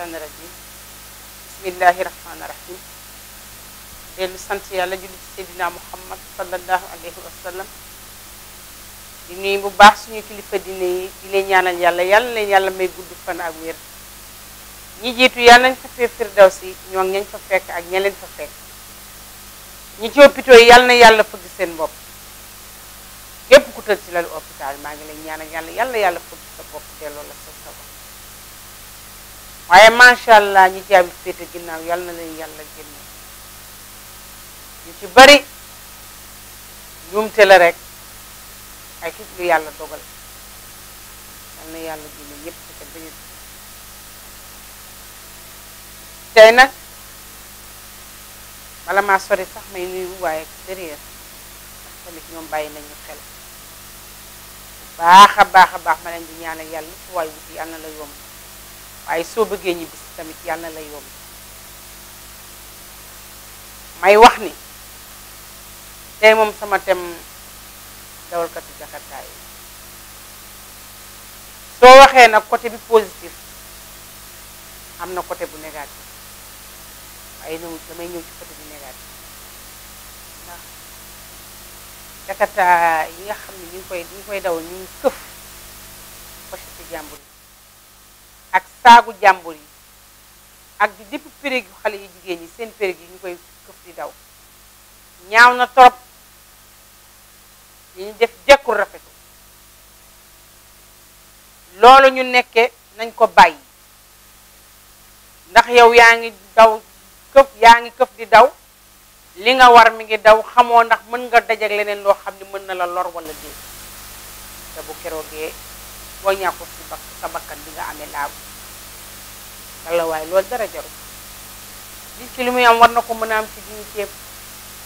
seytaani rajim bismillahi rahmaani rahim dellu sant yàlla julli ci seydina muhammad sallallahu alayhi wa sallam di bu baax suñuy kilifa diine yi di leen ñaanal yàlla yàlla leen yàlla may gudd fan ak wér ñi jiitu yàlla nañ fa fee firdawsi ñoo ñañ fa fekk ak ña fa fekk ñi ci hôpitaux yi yàlla na yàlla fëgg seen bopp képp ku ci lalu hôpital maa ngi lay ñaanal yàlla yàlla yàlla fëgg sa bopp delloo la sa sa waaye macha allah ñi caabi féete ginnaaw yàlla na leen yàlla génne ñu ci bari njuumte la rek ay kit lu yàlla dogal yàlla na yàlla génne yépp ci sa biir tey nag bala maa sori sax may nuyu waaye derrière ndax tamit ñoom bàyyi nañu xel baax a baax a baax ma leen di ñaanal yàlla fu waay wuti yàlla na la yomb waaye soo bëggee ñibbisi tamit yàlla na la yomb may wax ni tey moom sama tem dawalkatu jakartaa yi soo waxee nag côté bi positif am na côté bu négatif waaye ñëw damay ñëw ci côté bu négatif ndax yi nga xam ne ñu ngi koy ñu koy daw ñu ngi këf ci jàmbur saagu jàmbur yi ak di dipp périg yu xale yi jigéen yi seen périg yi ñu koy këf di daw ñaaw na torop li ñu def jekkul rafetu loolu ñu nekke nañ ko bàyyi ndax yow yaa ngi daw këf yaa ngi këf di daw li nga war mi ngi daw xamoo ndax mën nga dajak leneen loo xam ne mën na la lor wala dee te bu keroogee boo ñàkkut sa bakkan bi nga amee laabu walla waaye loolu dara jarul nit ki li muy am war na ko mën a am ci diñu ceeb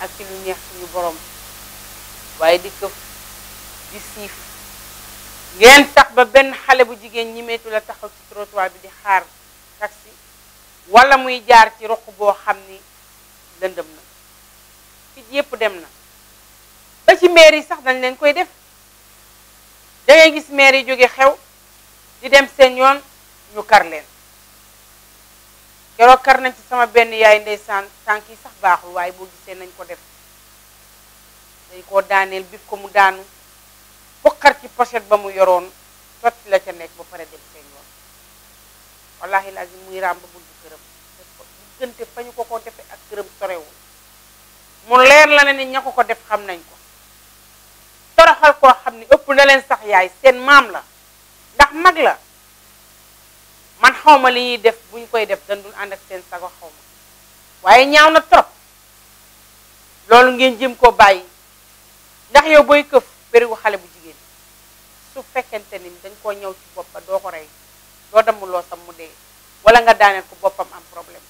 ak ci lu neex suñu borom waaye di këf di siif ngeen tax ba benn xale bu jigéen ñi meetu la taxaw ci trottoir bi di xaar taxi walla muy jaar ci roq boo xam ni lëndëm na fit yépp dem na ba ci maire yi sax dañ leen koy def da gis maire yi jóge xew di dem seen yoon ñu kar leen keroog kar nañ ci sama benn yaay saan tànk yi sax baaxul waaye boo gisee nañ ko def dañ ko daaneel bit ko mu daanu foqar ci pochette ba mu yoroon sotti la ca nekk ba pare dem seen yoon wallahi lazim muy raam ba këram diggante fa ñu ko ko defee ak këram sorewul mu leer la ne ña ko ko def xam nañ ko toroxal koo xam ne ëpp na leen sax yaay seen maam la ndax mag la man xawma li ñuy def buñ koy def dandul and ak seen sago xawma waye waaye ñaaw na trop lolou ngeen jëm ko bayyi ndax yow keuf bari wu xale bu jigeen su fekkente ni dañ ko ñew ci ba do ko do dem lo sam mu de wala nga ko bopam am problème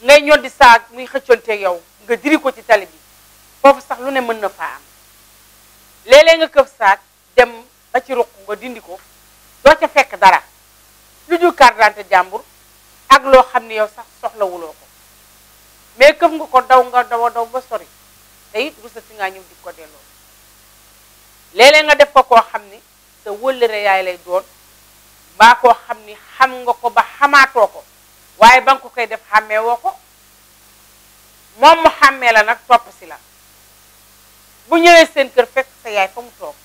ngay ñor di saag muy ak yow nga diri ko ci tali bi fofu sax lu ne mën na fa am lélé nga keuf dem ba ci ruq nga dindi ko do ca fekk dara lu ju carte jàmbur ak loo xam ne yow sax soxlawuloo ko mais këf nga ko daw nga daw daw ba sori te it rusa si ngaa ñëw di ko delloo léeg-léeg nga def ko koo xam ni sa wëllëre yaay lay doon baa koo xam ni xam nga ko ba xamaatoo ko waaye ba nga ko koy def xàmmee woo ko moom mu xàmmee la nag topp si la bu ñëwee seen kër fekk sa yaay fa mu toog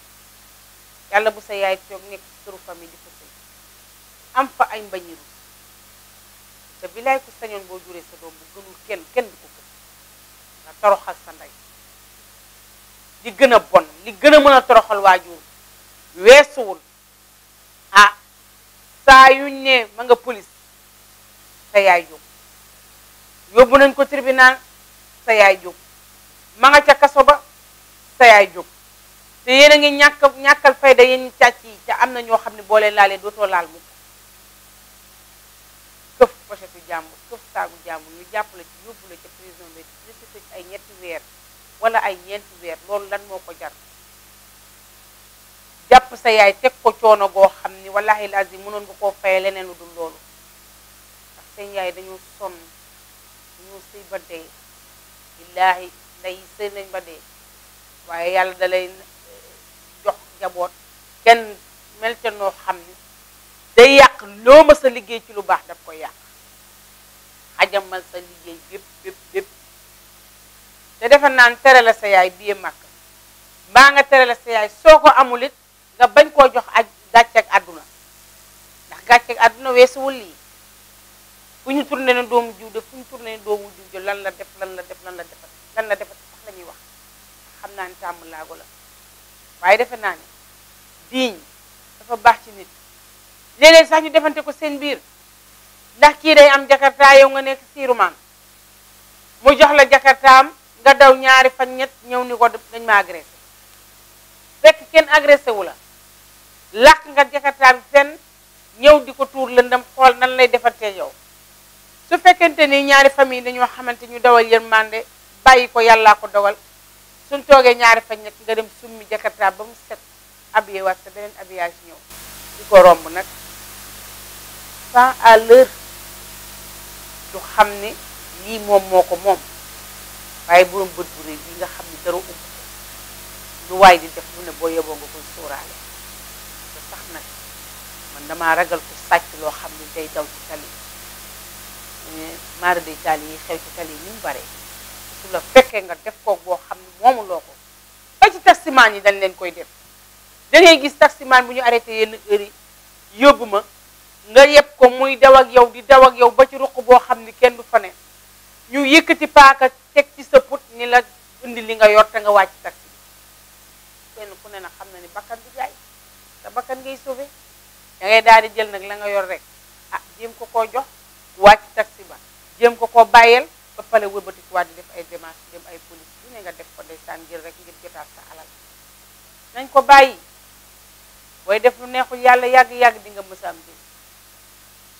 yàlla bu sa yaay toog nekk këru famille di am fa ay mbañiru te bilaay ku sañoon boo juree sa doom bu gënul kenn kenn du ko gën nga toroxal sa ndey li gën a bon li gën a mën a toroxal waajur weesuwul a ah, saa yuñ ne ma nga police sa yaay jóg yóbbu nañ ko tribunal sa yaay jóg ma nga ca kaso ba sa yaay jóg te yéen a ngi ñàkk ñàkkal fayda yéen ñi càcc yi ca am na ñoo xam ne boo leen laalee dootoo laal mu pochette yu jàmbur këf saagu jàmbur ñu jàpp la ci yóbbu la ca prison bi li ci tëj ay ñetti weer wala ay ñeenti weer loolu lan moo ko jar jàpp sa yaay teg ko coono goo xam ni wallahi lazim mënoon nga koo faye leneen lu dul loolu ndax seen yaay dañoo sonn dañoo sëy ba dee billaahi day sëy nañ ba dee waaye yàlla da lay eh, jox jaboot kenn mel ca noo xam ni day yàq loo ma sa liggéey ci lu baax daf koy yàq xajamal sa liggéey bépp bépp bépp te defe naan tere la sa yaay biye màkk mbaa nga tere la sa yaay soo ko amul it nga bañ koo jox aj gàcceeg àdduna ndax gàcceeg àdduna weesuwul lii fu ñu tourné ne doomu jiw de fu ñu tourné ne doomu jiw de lan la def lan la def lan la def lan la def sax la wax xam naa ni tàmm laago la waaye defe naa ne diiñ dafa baax ci nit léeg sax ñu defante ko seen biir ndax kii day am jakarta yow nga nekk siirumaan mu jox la jakartaam nga daw ñaari faj ñett ñëw ni ko dañ ma agressé fekk kenn agressé la làq nga jakartaam fenn ñëw di ko tuur lëndam xool nan lay defantee yow su fekkente ni ñaari famille dañoo xamante ñu dawal yërmande bàyyi ko yàllaa ko dogal suñ toogee ñaari fan ñett nga dem summi jakartaam ba mu set habillé waat sa beneen habillage ñëw di ko romb nag sans du xam ni lii moom moo ko moom waaye borom bët bu rëy bi nga xam ni dara umb lu waay di def lu ne boo yeboo nga koy sóoraale ba sax nag man damaa ragal ko sàcc loo xam ne day daw ci tali eh, maara yi xew ci tali yi ni mu bare su la fekkee nga def koog boo xam ne moomuloo ko ba ci taximaan yi dañ leen koy def da gis taximaan bu ñu arrêté yenn heure yi yóbbu ma nga yëpp ko muy daw ak yow di daw ak yow ba ci ruq boo xam ni kenn du fa ne ñu yëkkati paaka teg ci sa put ni la indi li nga yor te nga wàcc taxi kenn ku ne na xam na ni bakkan du bakkan ngay sauver da daal di jël nag la nga yor rek ah jéem ko koo jox wàcc taxi ba jéem ko koo bàyyeel ba pare wëlbatikuwaat di def ay démarches dem ay police yu ne nga def ko ndeysaan jël rek ngir jotaat sa alal nañ ko bàyyi booy def lu neexul yàlla yàgg-yàgg di nga mësa a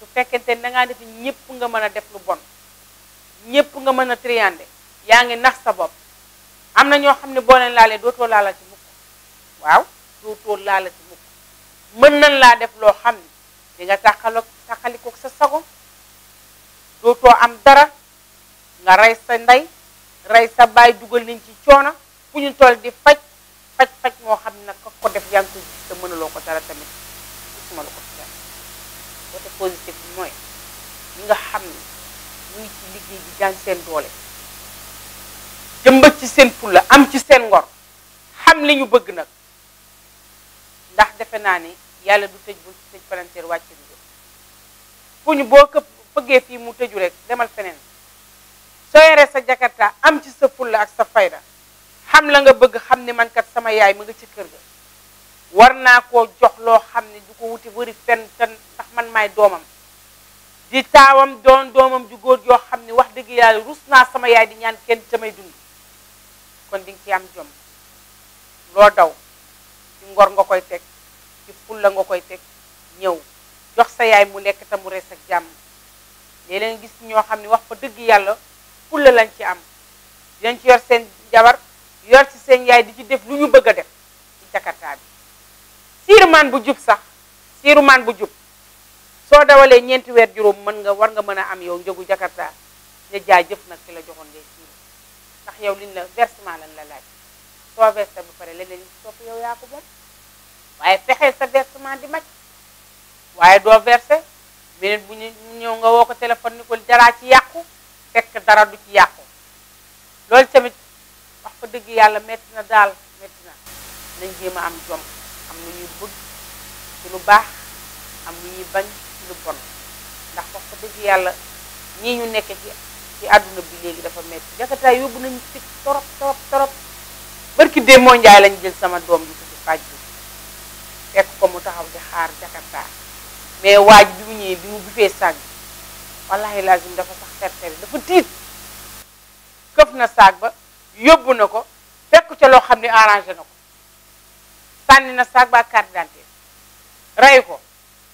su fekkente ne da ngaa def ñëpp nga mën a def lu bon ñëpp nga mën a triande yaa ngi nax sa bopp am na ñoo xam ne boo leen laalee dootoo laala ci mukk waaw dootoo laala ci mukk mën nañ laa def loo xam ne di nga tàqaloo tàqalikook sa sago dootoo am dara nga rey sa ndey rey sa baay dugal nañ ci coono fu ñu toll di faj faj faj moo xam ne nag ko def yaa ngi ko gis ko dara tamit gisuma la ko ci côté positif mooy ñi nga xam ne ñuy ci liggéey di daan seen doole jëmbat ci seen fulla am ci seen ngor xam li ñu bëgg nag ndax defe naa ni yàlla du tëj bu tëj palanteer wàcc ñu fu boo këpp bëggee fii mu tëju rek demal feneen soo yoree sa jakarta am ci sa fulla ak sa fayda xam la nga bëgg xam ni mankat sama yaay mu nga ci kër ga war naa ko jox loo xam ne du ko wuti wëri fen te ndax man maay doomam di taawam doon doomam ju góor yoo xam ne wax dëgg yàlla rus naa sama yaay di ñaan kenn samay dund kon di nga ci am jom loo ngor nga koy teg ci fulla nga koy teg ñëw jox sa yaay mu lekk te mu rees jàmm léeg gis ñoo xam ne wax fa dëgg yàlla fulla lañ ci am dinañ ci yor seen jabar yor ci seen yaay di ci def lu ñu bëgg a def ci jakartaa bi sirumaan bu jub sax sirumaan bu so soo dawalee ñeenti weer juróom mën nga war nga mëna am yow jogu jakarta ne jëf nak ci la joxon ngay siiru tax yow liñ la versement lañ la laaj so versé bu paré leneen sopp yow ya ko bon waye fexé sa versement di maj waye do versé beneen bu ñu nga woko téléphone ni ko dara ci yaqku fekk dara du ci yaqku lol tamit wax fa dëgg yalla metti na dal metti na nañ jëma am jom am lu ñuy bëgg ci lu baax am lu ñuy bañ ci lu bon ndax wax ko dëgg yàlla ñii ñu nekk ci ci àdduna bi léegi dafa metti jakataay yóbbu nañu ci torop torop torop barki démmoo njaay lañ jël sama doom ji ko ci faj bi fekk ko mu taxaw di xaar jakartaa mais waaj bi mu ñëwee bi mu bufee saag bi wallahi lazim dafa sax tertere dafa tiit këf na saag ba yóbbu na ko fekk ca loo xam ne arrangé na ko sànni na saag ba carte d'identité rey ko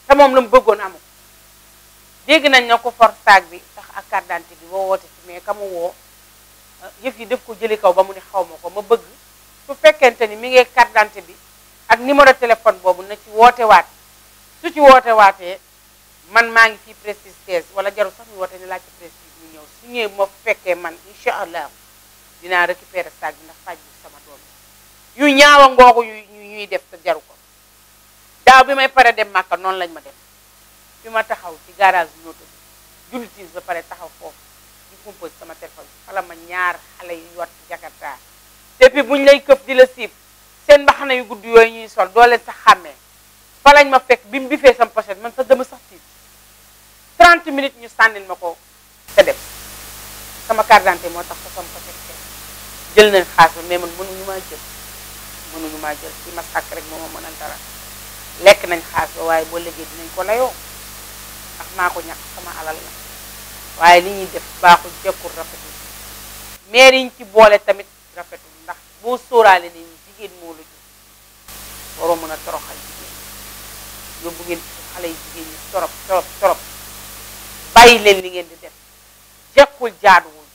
te moom la mu bëggoon amu ko dégg nañ na ko for saag bi sax ak carte d'identité bi boo woote ci mais kamu woo eh, yëf yi def ko jëli kaw ba mu ne xaw ma ko ma bëgg su fekkente ni mi ngi carte d'identité bi ak numéro téléphone boobu na ci woote waat su ci woote waatee man maa ngi fii prestige wala jaru sax ñu woote ne laaj ci prestige ñu ñëw su ñëwee ma fekkee man incha allah dinaa récupérer saag bi ndax faj yu ñaawa ngoogu yu ñuy def te jaru ko daaw bi may pare dem màkka noonu lañ ma def bi ma taxaw ci garage ñooto jullitin ba pare taxaw foofu di compose sama téléphone fala ma ñaar xale yu yott jakarta depuis buñ lay këf di la siib seen mbaxana yu guddi yooyu ñuy sol doo leen sax xàmmee fa lañ ma fekk bi mu bifee sama pochette man sa dema sax tiit 30 minutes ñu sànnil ma ko sa dem sama carte d'identité moo tax ko sama pochette jël nañ xaalis ma mais man mënuñu maa jël ci ma sàkk rek moo mën a dara lekk nañ xaas ba waaye boo léegi dinañ ko layoo ndax maa ko ñàkk sama alal la waaye li ñuy def baaxul jekkul rafetul maire yiñ ci boole tamit rafetul ndax boo sóoraale ne jigéen moo la jur waroo mën a toroxal jigéen yóbbu ngeen xale yi jigéen torop torop torop bàyyi leen li ngeen di def jekkul jaaduwul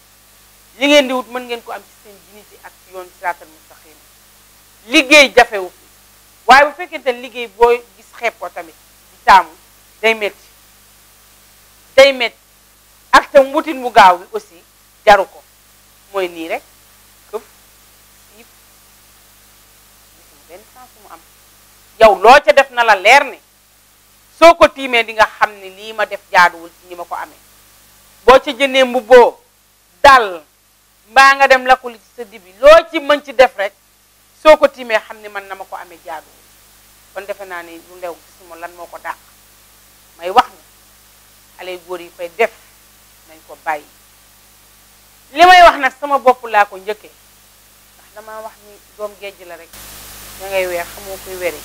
li ngeen di wut mën ngeen ko am ci seen dignité ak yoon siraatal liggéey jafewu waaye bu fekkente ne liggéey boo gis xeeb ko tamit di taamu day metti day metti ak tam wutin bu gaaw bi aussi jaru ko mooy nii rek këf siif gisum mu am yow loo ca def na la leer ni soo ko tiimee di nga xam ne lii ma def jaaduwul ci ma ko amee boo ca jëndee mbubboo dal mbaa nga dem lakkul ci sa dibi loo ci mën ci def rek soo ko tiimee xam ne man na ma ko amee jaadu kon defe naa ne lu ndew gisuma lan moo ko dàq may wax ni xale góor yi koy def nañ ko bàyyi li may wax nag sama bopp laa ko njëkke ndax damaa wax ni doom gejj la rek da ngay weer xamoo koy were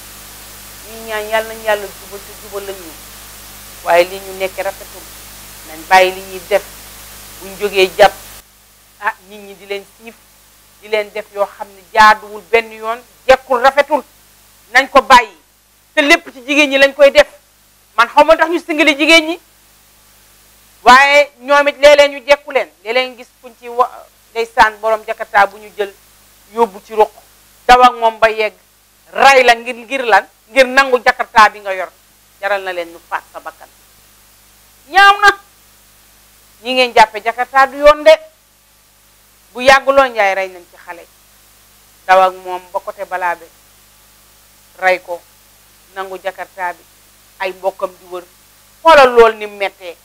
ñuy ñaan yàlla nañ yàlla jubal te jubal lañ ñu waaye li ñu nekkee rafetul nañ bàyyi li ñuy def buñ jógee jàpp ah nit ñi di leen siif di leen def yoo xam ne jaaduwul benn yoon jekkul rafetul nañ ko bàyyi te lépp ci jigéen ñi lañ koy def man xaw tax ñu singali jigéen ñi waaye ñoom it léeg ñu jekku leen léeg gis kuñ ci wa ndeysaan borom jakarta bu ñu jël yóbbu ci ruq daw moom ba yegg ray la ngir ngir lan ngir nangu jakarta bi nga yor jaral na leen ñu faat sa bakkan ñaaw na ñi ngeen jàppe jakarta du yoon de bu yàgguloo njaay rey nañ ci xale daw moom ba côté balaa be rey ko nangu jakarta bi ay mbokkam di wër xoolal lool ni mettee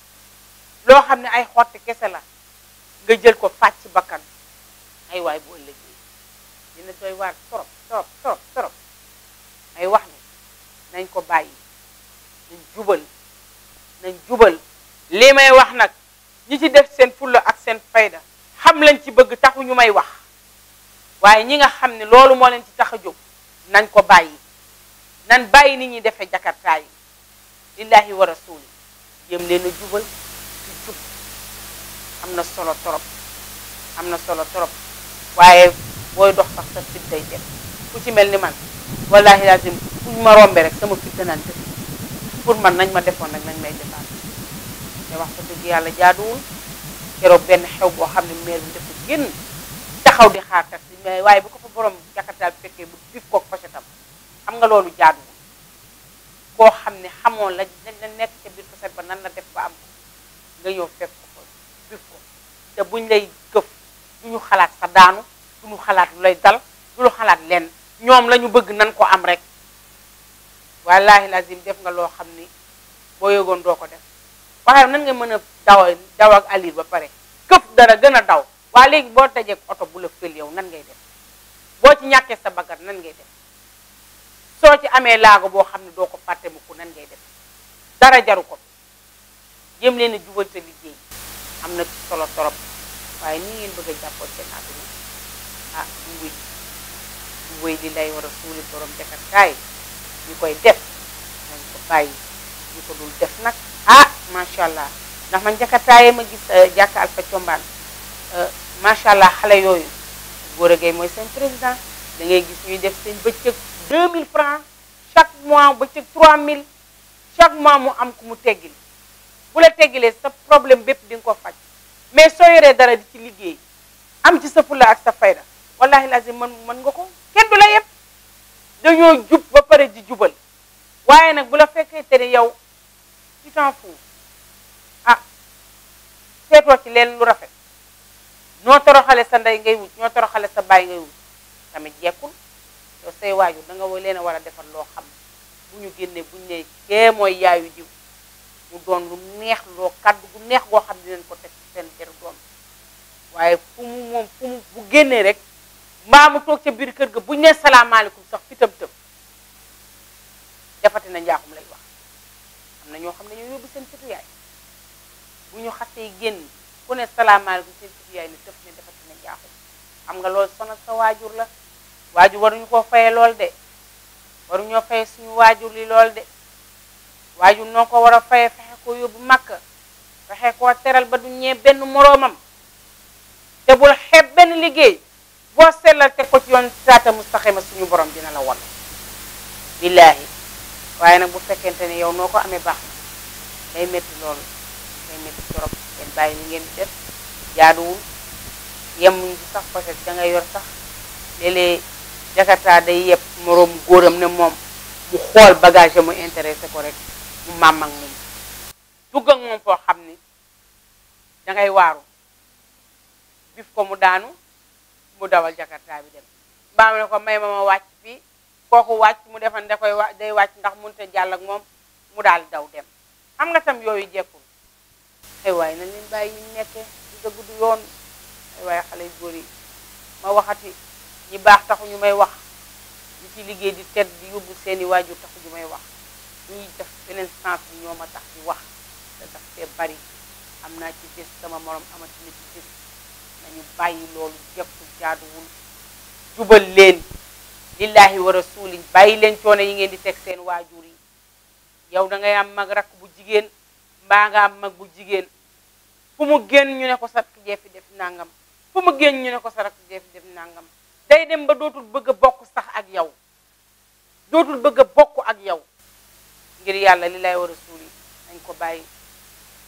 loo xam ne ay xotti kese la nga jël ko fàcc bakkan ay waay boo liggéey dina doy waar trop trop trop ay wax ne nañ ko bàyyi nañ jubal nañ jubal lii may wax nag ñi ci def seen fulla ak seen fayda xam lañ ci bëgg taxu ñu may wax waaye ñi nga xam ne loolu moo leen ci tax a jóg nañ ko bàyyi nan bàyyi nit ñi defee jakartaa yi lillahi wa rasuli jëm leen a jubal ci jub am na solo trop am na solo trop waaye booy dox sax sa fit day ku ci mel ni man wallahi lazim ku ñu ma rombe rek sama fit danaan def pour man nañ ma defoon nag nañ may defaat te wax ko dëgg yàlla jaaduwul keroog benn xew boo xam ne maire bi dafa génn taxaw di xaar taxi mais waaye bu ko fa borom jakarta bu fekkee bu fif kook pochetam xam nga loolu jaaduwul koo xam ne xamoon la la nekk ca biir pochette ba nan la def ba am nga ñëw fekk ko fa fif ko buñ lay këf duñu xalaat sa daanu duñu xalaat lay dal duñu xalaat lenn ñoom la ñu bëgg nan ko am rek wallahi lazim def nga loo xam ni boo yëgoon doo ko def waaye nan nga mën a daw daw ak alir ba pare këpp dara gën a daw waa léegi boo dajee oto bu la fël yow nan ngay def boo ci ñàkkee sa bakkan nan ngay def soo ci amee laago boo xam ne doo ko fàtte mukk nan ngay def dara jaru ko jéem leen a jubal sa liggéey am na solo torop waaye nii ngeen bëgg a jàppoo seen àdduna ah lay war a suuli ñu koy def nañ ko bàyyi ñu ko dul def nag ah macha allah ndax man jakartaaye ma gis euh, jàkka Alpha Combaan euh, macha allah xale yooyu góor a gay mooy seen président da ngay gis ñuy def seen bëccëg 2000 francs chaque mois bëccëg 3000 chaque mois mu am ku mu teggil bu la teggilee sa problème bépp di ko faj mais soo yoree dara di ci liggéey am ci sa fulla ak sa fayda wallahi lazim man mën nga ko kenn du la yëpp dañoo jub ba pare di jubal waaye nag bu la fekkee te ne yow t'en fous ah seetoo ci leen lu rafet ñoo toroxale sa ndey ngay wut ñoo toroxale sa baay ngay wut tamit jekkul yow say waajur danga nga leen a war a defal loo xam bu ñu génnee bu ñu nee kee mooy yaayu diw mu doon lu neex loo kàddu gu neex goo xam ne leen ko teg ci seen der doom waaye fu mu moom fu mu bu génnee rek mbaa mu toog ca biir kër ga bu ñu nee salaamaaleykum sax fi tëm tëm defati na njaaxum lay na ñoo xam ne ñoo yóbbu seen sëtu yaay bu ñu xasee génn ku ne salaamaaleykum seen sëtu yaay ne tëf ne dafa dina jaaxul xam nga loolu sonal sa waajur la waajur waruñu koo faye lool de waruñoo faye suñu waajur li lool de waajur noo ko war a faye fexe koo yóbbu màkk fexe koo teral ba du ñee benn moroomam te bul xeeb benn liggéey boo sellal te ko ci yoon saata mustaxima suñu borom dina la won billaahi waaye nag bu fekkente ne yow noo ko amee baax day métti loolu day métti trop ngeen bàyyi li ngeen di def jaaduwul yemuñ sax peut-être da nga yor sax léeg-léeg jakarta day yeb moroom góoram ne moom mu xool bagage mu intéressé ko rek mu maam ak moom dugg ak moom foo xam ni dangay waaru bif ko mu daanu mu dawal jakarta bi dem mbaam ne ko may ma ma wàcc fii kooku wàcc mu defan da koy wa day wàcc ndax mënta jàll ak moom mu daal daw dem xam nga tam yooyu jekkul ay waay nañ leen bàyyi ñu nekke du dëgg du yoon ay waay xale góor yi ma waxati ñi baax taxu ñu may wax ñi ci liggéey di tedd seeni waajur taxu ñu may wax ñuy def beneen sens bi ñoo ma tax di wax te tax fee bari am naa ci gis sama morom amati na ci gis nañu bàyyi loolu jekkul jaaduwul jubal leen lillahi wa rasuli bàyyi leen coono yi ngeen di teg seen waajur yi yow da ngay am mag rakk bu jigéen mbaa nga am mag bu jigéen fu mu génn ñu ne ko sa jee def nangam fu mu génn ñu ne ko sa rakk jee fi def nangam day dem ba dootul bëgg bokk sax ak yow dootul bëgg bokk ak yow ngir yàlla lillahi wa rasuli dañ ko bàyyi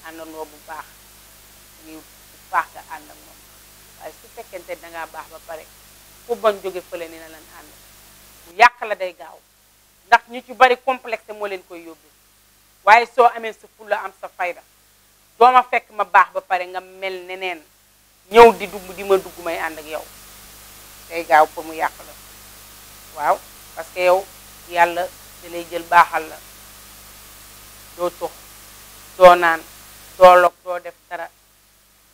àndandoo bu baax lii bu baax nga ànd ak waaye su fekkente dangaa baax ba pare ku bañ jóge fële ni na lan ànd bu yàq la day gaaw ndax ñu ci bari complexe moo leen koy yóbbu waaye soo amee sa fulla am sa fayda doo ma fekk ma baax ba pare nga mel neneen ñëw di dugg di ma dugg may ànd ak yow day gaaw pour mu yàq waaw parce que yow yàlla da lay jël baaxal la doo tux doo naan doo log doo def dara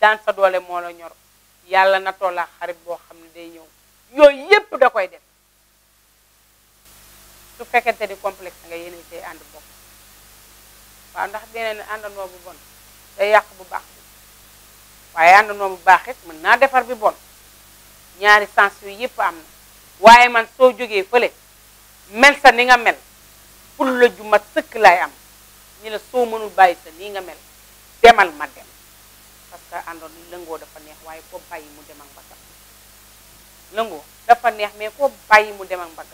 daan sa doole moo la ñor yàlla na tollaa xarit boo xam ne day ñëw yooyu yépp da koy def su fekkente ni complexe nga yéen tey ànd bokk waaw ndax beneen àndandoo bu bon day yàq bu baax waaye àndandoo bu baax it mën naa defar bi bon ñaari sens yooyu yëpp am na waaye man soo jógee fële mel sa ni nga mel pour la ju ma sëkk lay am ñu la soo mënul bàyyi sa nii nga mel demal ma dem parce que àndoon lëngoo dafa neex waaye koo bàyyi mu dem ak mbaggam lëngoo dafa neex mais koo bàyyi mu demal ak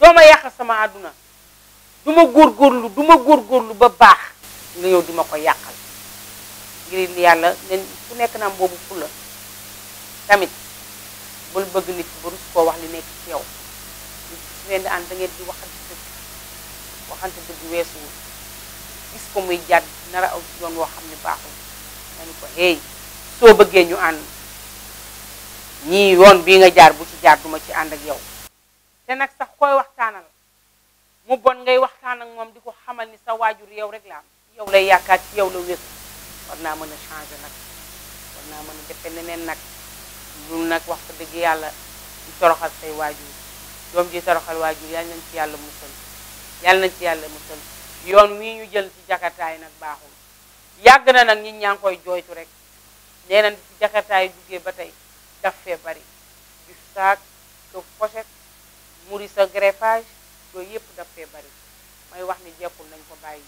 doo ma yàq sama àdduna du ma góorlu du ma góorgóorlu ba baax nga yow di ma ko yàqal ngir yàlla nen ku nekk na am boobu fula tamit bul bëgg nit ba rus koo wax li nekk ci yow su ngeen di ànd da di waxante dëgg waxante dëgg weesuwul gis ko muy jàdd nara aw yoon woo xam ne baaxul nga ni ko hey soo bëggee ñu ànd ñii yoon bii nga jaar bu ci jaar duma ci ànd ak yow te nag sax koy waxtaanal mu bon ngay waxtaan ak moom di ko xamal ni sa waajur yow rek la am yow lay yaakaar ci yow la wékku war naa mën a changer nag war naa mën a defe neneen nag lu nag wax ko dëgg yàlla di toroxal say waajur doom ji toroxal waajur yal nañ ci yàlla musal yal nañ ci yàlla musal yoon wi ñu jël ci jakartaay nag baaxul yàgg na nag ñit ñaa ngi koy jooytu rek nee nañ ci jakartaay duggee ba tey daf fee bari du sac de muri sa greffage loolu yëpp daf fee bari may wax ni jekkul nañ ko bàyyi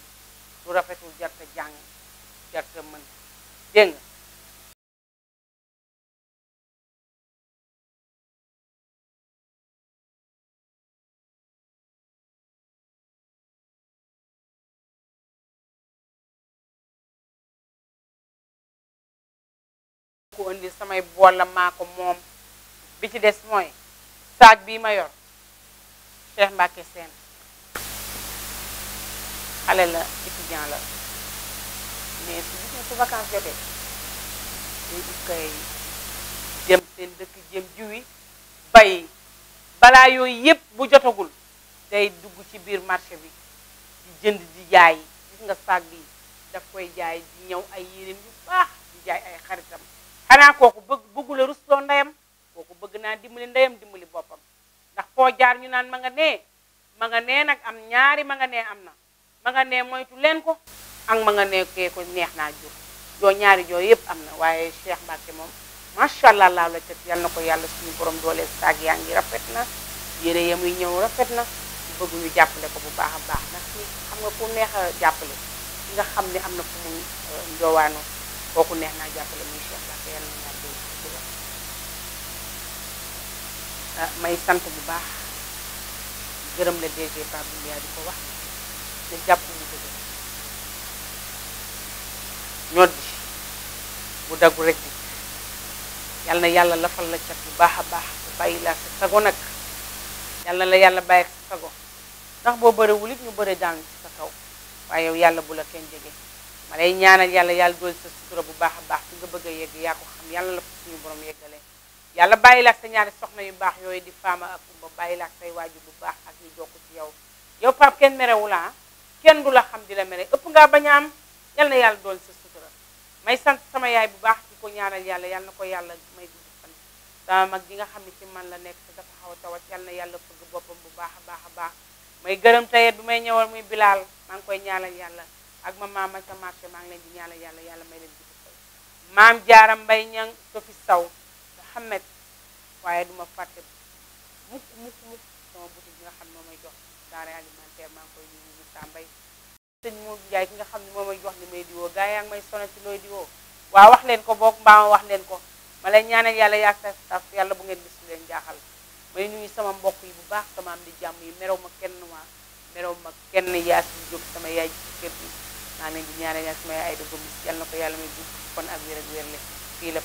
lu rafetul jarta jàng jarta mën dégg ko indi samay bool la maa ko moom bi ci des mooy saag bii mayor Cheikh Mbacke Sène xale la étudiant la mais su gis ne su vacances jotee day ut koy jëm seen dëkk jëm jiwi bay balaa yooyu yépp bu jotagul tey dugg ci biir marché bi di jënd ji jaay gis nga saag bi daf koy jaay di ñëw ay yéreem yu baax di jaay ay xaritam xanaa kooku bëgg bëggula rusloo ndeyam kooku bëgg naa dimbali ndeyam dimbali boppam ndax foo jaar ñu naan ma nga nee ma nga nee nag am ñaari ma nga nee am na ma nga nee moytu leen ko am ma nga nee kee ko neex naa jur yoo ñaari joo yëpp am na waaye Cheikh Mbacke moom macha allah laaw la cat yal na ko yàlla suñu borom doole saag yaa ngi rafet na yére ya muy ñëw rafet na bëgg ñu jàppale ko bu baax a baax ndax xam nga ku neex a jàppale ki nga xam ne am na fu mu euh, njoowaano kooku neex naa jàppale muy Cheikh Mbacke yàlla Ah, may sant bu baax gërëm la DG Pape Doumbia di ko wax ne jàpp mu dëgg ñod bu daggu rek di yal na yàlla lafal la cat bu baax a baax bu bàyyi laa sa sago nag yal la yàlla bàyyi sa sago ndax boo bërewul it ñu bëre daanu ci sa kaw waaye yow yàlla bu la kenn jege ma lay ñaanal yàlla yàlla dool sa sutura bu baax a baax fi nga bëgg a yegg yaa ko xam yàlla la fa suñu borom yeggale yàlla bàyyi la sa ñaari soxna yu baax yooyu di faama ak kumba bàyyi la ak say waajur bu baax ak yi jokk ci yow yow pap kenn merewu la ah, kenn du la xam di la mere ëpp ngaa bañ a yàlla dool sa sutura may sant sama yaay bu baax di ko ñaanal yàlla yal na ko yàlla may gudd mag gi nga xam ne ci man la nekk dafa xaw a tawat yal na yàlla fëgg boppam bu baax a baax a baax may gërëm tayet bi may ñëwal muy bilaal maa ngi koy ñaanal yàlla ak ma maam ma ca marché maa ngi leen di ñaanal yàlla yàlla may leen gudd fan maam jaaram mbay ñang sofi saw Mouhamed waaye duma fàtte mukk mukk mukk sama boutique bi nga xam ne moo may jox daara alimentaire maa ngi koy ñu ñu sàmbay sëñ Modou Ndiaye ki nga xam ne moo may jox li may diwoo gars yaa ngi may sonal ci looy diwoo waaw wax leen ko boog mbaama wax leen ko ma lay ñaanal yàlla yaag sa staff yàlla bu ngeen bisu lu leen jaaxal may nuyu sama mbokk yi bu baax sama am di jàmm yi merew ma kenn waa merew ma kenn yaa si jóg sama yaay ci kër bi maa leen di ñaanal yàlla sama ay dëgg yàlla na ko yàlla may gudd kon ak wér ak wér le fii la